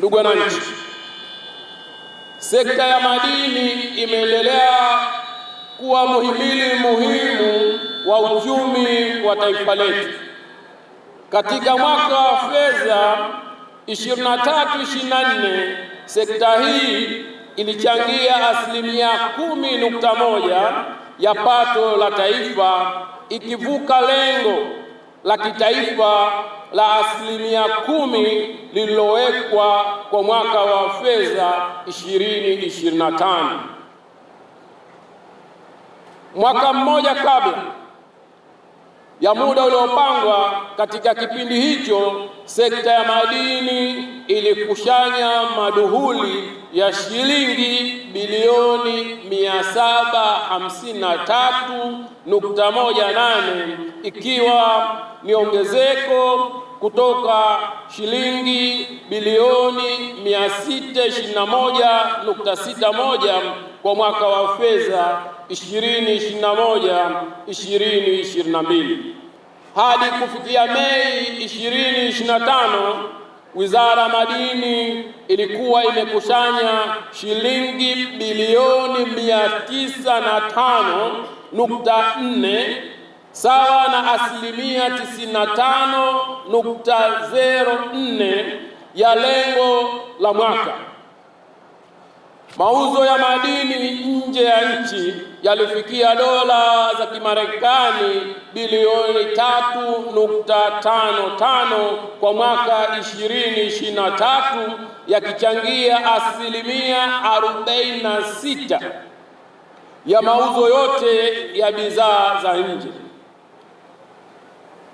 Ndugu wananchi, sekta ya madini imeendelea kuwa muhimili muhimu wa uchumi wa taifa letu. Katika mwaka wa fedha 23/24 sekta hii ilichangia asilimia moja ya pato la taifa, ikivuka lengo la kitaifa la asilimia kumi lililowekwa kwa mwaka wa fedha 2025 mwaka mmoja kabla ya muda uliopangwa katika kipindi hicho, sekta ya madini ilikushanya maduhuli ya shilingi bilioni 753.18 ikiwa ni ongezeko kutoka shilingi bilioni 621.61 kwa mwaka wa fedha 2021 2022. Hadi kufikia Mei 2025, Wizara ya Madini ilikuwa imekusanya shilingi bilioni 905.4 sawa na asilimia 95.04 ya lengo la mwaka. Mauzo ya madini nje ya nchi yalifikia dola za Kimarekani bilioni 3.55 kwa mwaka 2023 yakichangia asilimia 46 ya mauzo yote ya bidhaa za nje.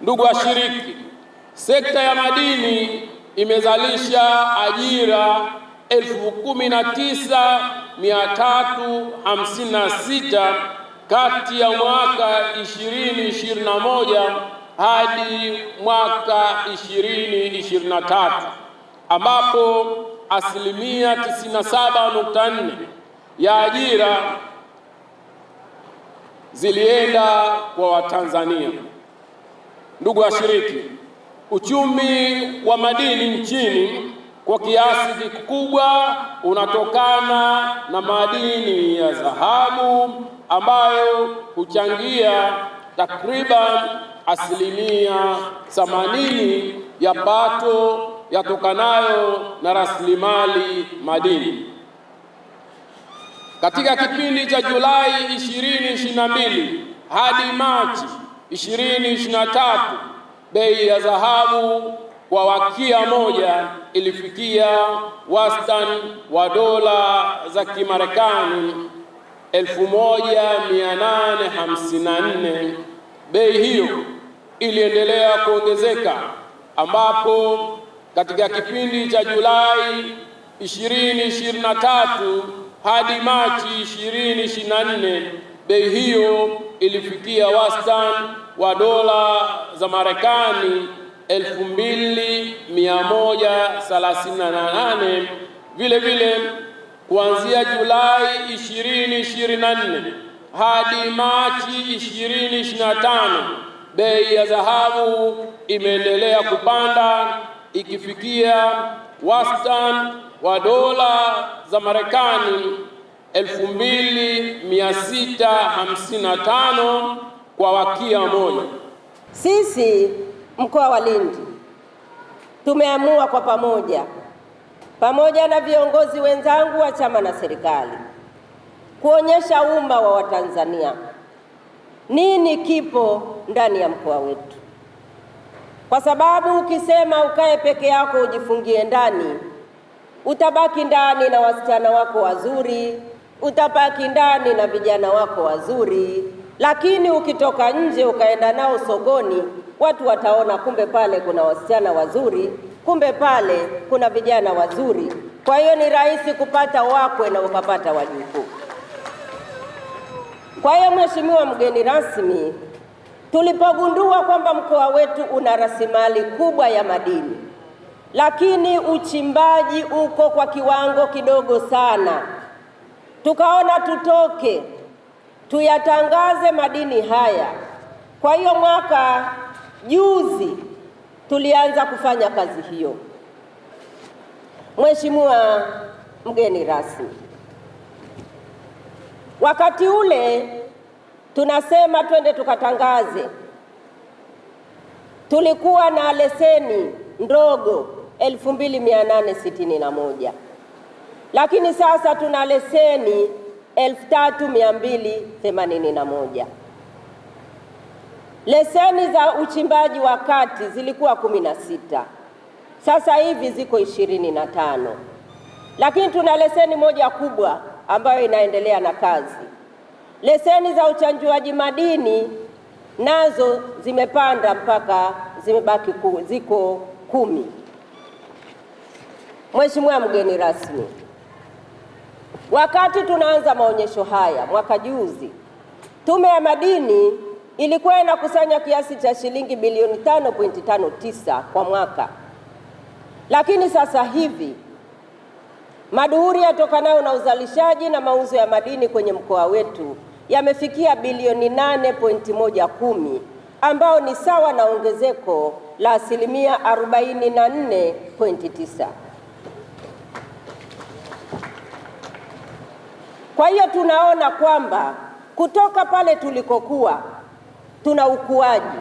Ndugu washiriki, sekta ya madini imezalisha ajira elfu kumi na tisa mia tatu hamsini na sita kati ya mwaka 2021 hadi mwaka 2023 ambapo asilimia 97.4 ya ajira zilienda kwa Watanzania. Ndugu washiriki, uchumi wa madini nchini kwa kiasi kikubwa unatokana na madini ya dhahabu ambayo huchangia takriban asilimia 80 ya pato yatokanayo na rasilimali madini. Katika kipindi cha Julai 2022 hadi Machi 2023 bei ya dhahabu kwa wakia moja ilifikia wastani wa dola za Kimarekani 1854. Bei hiyo iliendelea kuongezeka ambapo katika kipindi cha Julai 2023 hadi Machi 2024 bei hiyo ilifikia wastani wa dola za Marekani elfu Vile vile kuanzia Julai 2024 hadi Machi 2025 bei ya dhahabu imeendelea kupanda ikifikia wastani wa dola za Marekani 2655 kwa wakia moja. Sisi mkoa wa Lindi, tumeamua kwa pamoja, pamoja na viongozi wenzangu wa chama na serikali, kuonyesha umma wa Watanzania nini kipo ndani ya mkoa wetu, kwa sababu ukisema ukae peke yako ujifungie ndani, utabaki ndani na wasichana wako wazuri, utabaki ndani na vijana wako wazuri, lakini ukitoka nje ukaenda nao sokoni watu wataona kumbe pale kuna wasichana wazuri, kumbe pale kuna vijana wazuri. Kwa hiyo ni rahisi kupata wakwe na ukapata wajukuu. Kwa hiyo Mheshimiwa mgeni rasmi, tulipogundua kwamba mkoa wetu una rasilimali kubwa ya madini, lakini uchimbaji uko kwa kiwango kidogo sana, tukaona tutoke tuyatangaze madini haya. Kwa hiyo mwaka Juzi tulianza kufanya kazi hiyo. Mheshimiwa mgeni rasmi, wakati ule tunasema twende tukatangaze, tulikuwa na leseni ndogo 2861 lakini sasa tuna leseni 3281. Leseni za uchimbaji wa kati zilikuwa kumi na sita, sasa hivi ziko ishirini na tano, lakini tuna leseni moja kubwa ambayo inaendelea na kazi. Leseni za uchanjuaji madini nazo zimepanda mpaka zimebaki ku, ziko kumi. Mheshimiwa mgeni rasmi, wakati tunaanza maonyesho haya mwaka juzi, Tume ya Madini ilikuwa inakusanya kiasi cha shilingi bilioni 5.59 kwa mwaka, lakini sasa hivi maduhuri yatokanayo na uzalishaji na mauzo ya madini kwenye mkoa wetu yamefikia bilioni 8.110 ambao ni sawa na ongezeko la asilimia 44.9. Kwa hiyo tunaona kwamba kutoka pale tulikokuwa tuna ukuaji,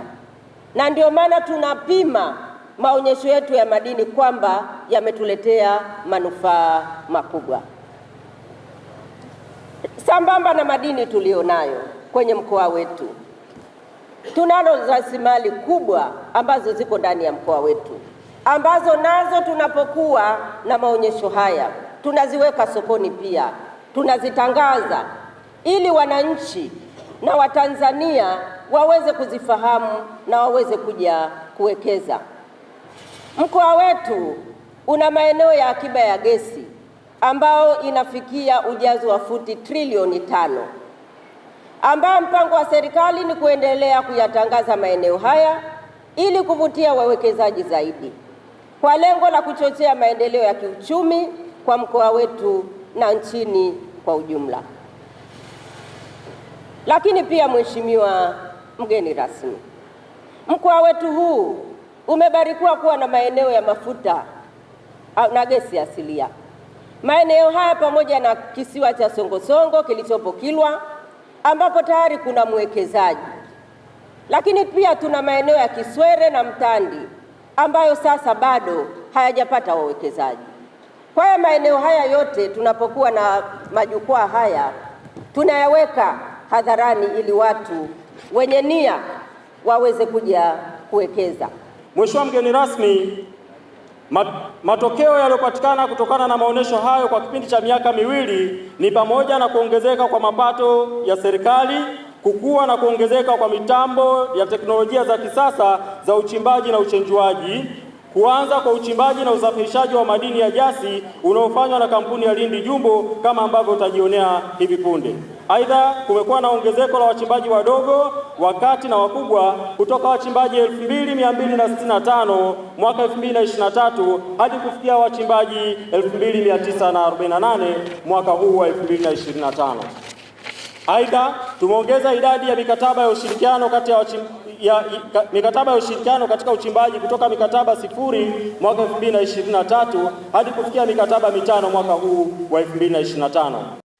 na ndio maana tunapima maonyesho yetu ya madini kwamba yametuletea manufaa makubwa. Sambamba na madini tuliyonayo kwenye mkoa wetu, tunalo rasilimali kubwa ambazo ziko ndani ya mkoa wetu, ambazo nazo tunapokuwa na maonyesho haya tunaziweka sokoni, pia tunazitangaza ili wananchi na Watanzania waweze kuzifahamu na waweze kuja kuwekeza. Mkoa wetu una maeneo ya akiba ya gesi ambao inafikia ujazo wa futi trilioni tano ambayo mpango wa serikali ni kuendelea kuyatangaza maeneo haya ili kuvutia wawekezaji zaidi kwa lengo la kuchochea maendeleo ya kiuchumi kwa mkoa wetu na nchini kwa ujumla. Lakini pia Mheshimiwa Mgeni rasmi, mkoa wetu huu umebarikiwa kuwa na maeneo ya mafuta na gesi asilia. Maeneo haya pamoja na kisiwa cha Songosongo kilichopo Kilwa ambapo tayari kuna mwekezaji, lakini pia tuna maeneo ya Kiswere na Mtandi ambayo sasa bado hayajapata wawekezaji. Kwa hiyo maeneo haya yote tunapokuwa na majukwaa haya tunayaweka hadharani ili watu wenye nia waweze kuja kuwekeza. Mheshimiwa mgeni rasmi, matokeo yaliyopatikana kutokana na maonesho hayo kwa kipindi cha miaka miwili ni pamoja na kuongezeka kwa mapato ya serikali, kukua na kuongezeka kwa mitambo ya teknolojia za kisasa za uchimbaji na uchenjuaji, kuanza kwa uchimbaji na usafirishaji wa madini ya jasi unaofanywa na kampuni ya Lindi Jumbo kama ambavyo utajionea hivi punde. Aidha, kumekuwa na ongezeko la wachimbaji wadogo, wakati na wakubwa kutoka wachimbaji 2265 mwaka 2023 hadi kufikia wachimbaji 2948 mwaka huu wa 2025. Aidha, tumeongeza idadi ya mikataba ya ushirikiano kati ya wachim... ya... mikataba ya ushirikiano katika uchimbaji kutoka mikataba sifuri mwaka 2023 hadi kufikia mikataba mitano mwaka huu wa 2025.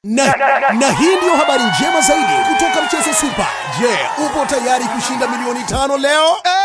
Na, na hii ndiyo habari njema zaidi kutoka mchezo Super. Je, yeah, upo tayari kushinda milioni tano leo? Eh,